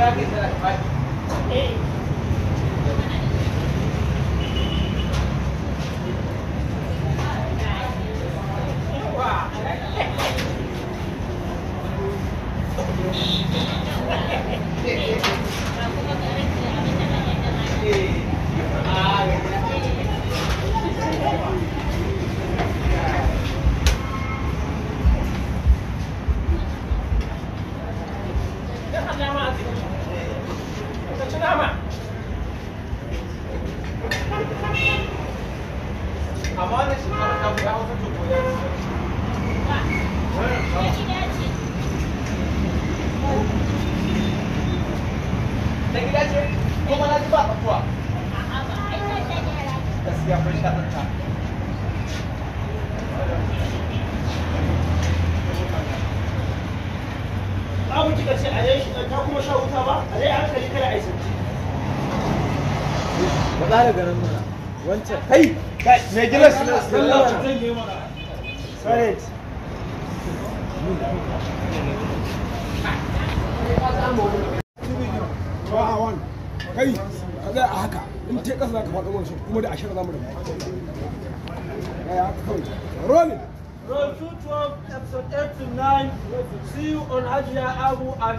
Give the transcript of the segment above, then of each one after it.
कैसे रखा ta kuma sha wuta ba a zai hankali kada a yi sanci ba za da ganin mana wancan kai mai gilas sallah zan yi mana sarrafa kai ka zai a haka in te kasa za ka faɗo wani kuma da ashirin zamu da rolling Roll 212, episode 8 to 9. See you on Ajia Abu and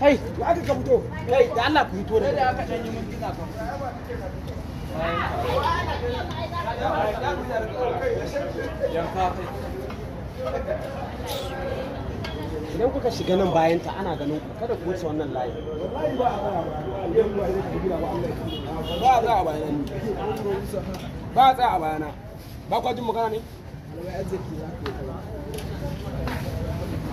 kai ya aka ka kai da Allah ku fito da da aka canje mun gina ka kai idan kuka shiga nan bayan ta ana ganin ku kada ku wuce wannan layi ba a tsaya a bayana ba a tsaya a bayana ba kwa jin magana ne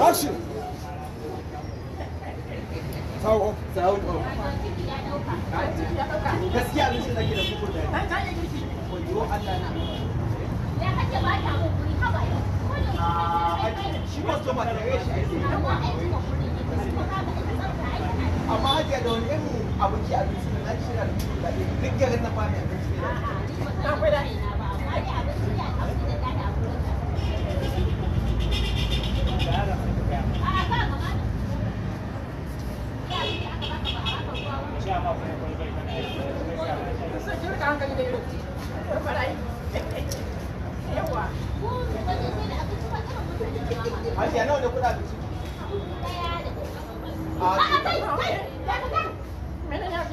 Action! da ta da ah, Amma hajiya da wani abinci abinci Hajiya nawa da A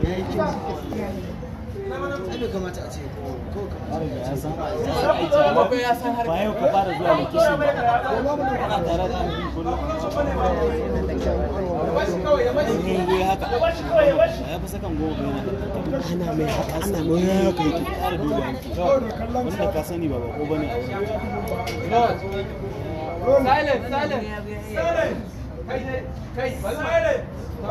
ya kamata a ce ko yau ka fara zuwa location ba ana tare da an kullum ne ya ana mai a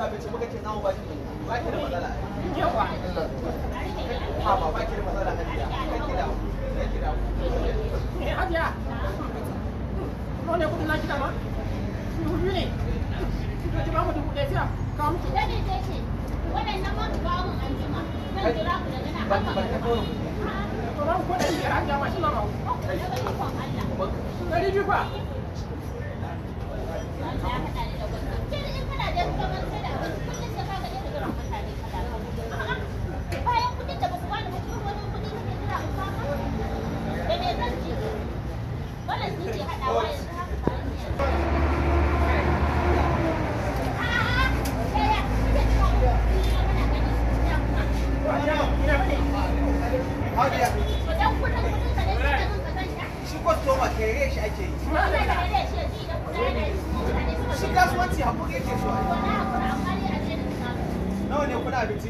da abinci eh, muka ne kuna abinci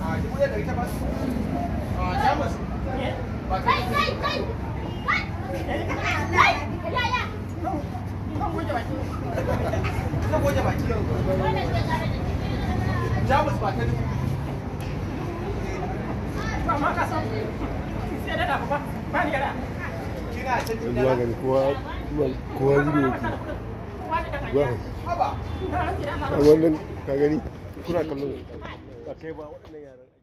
a ah, dubu a ah, jamus ba kai kai kai jamus ba ta dubu ba ma ka san sai da da ba ba ni gara kina dubu wannan ka gani kuna kallo ba kai ba waɗannan yaran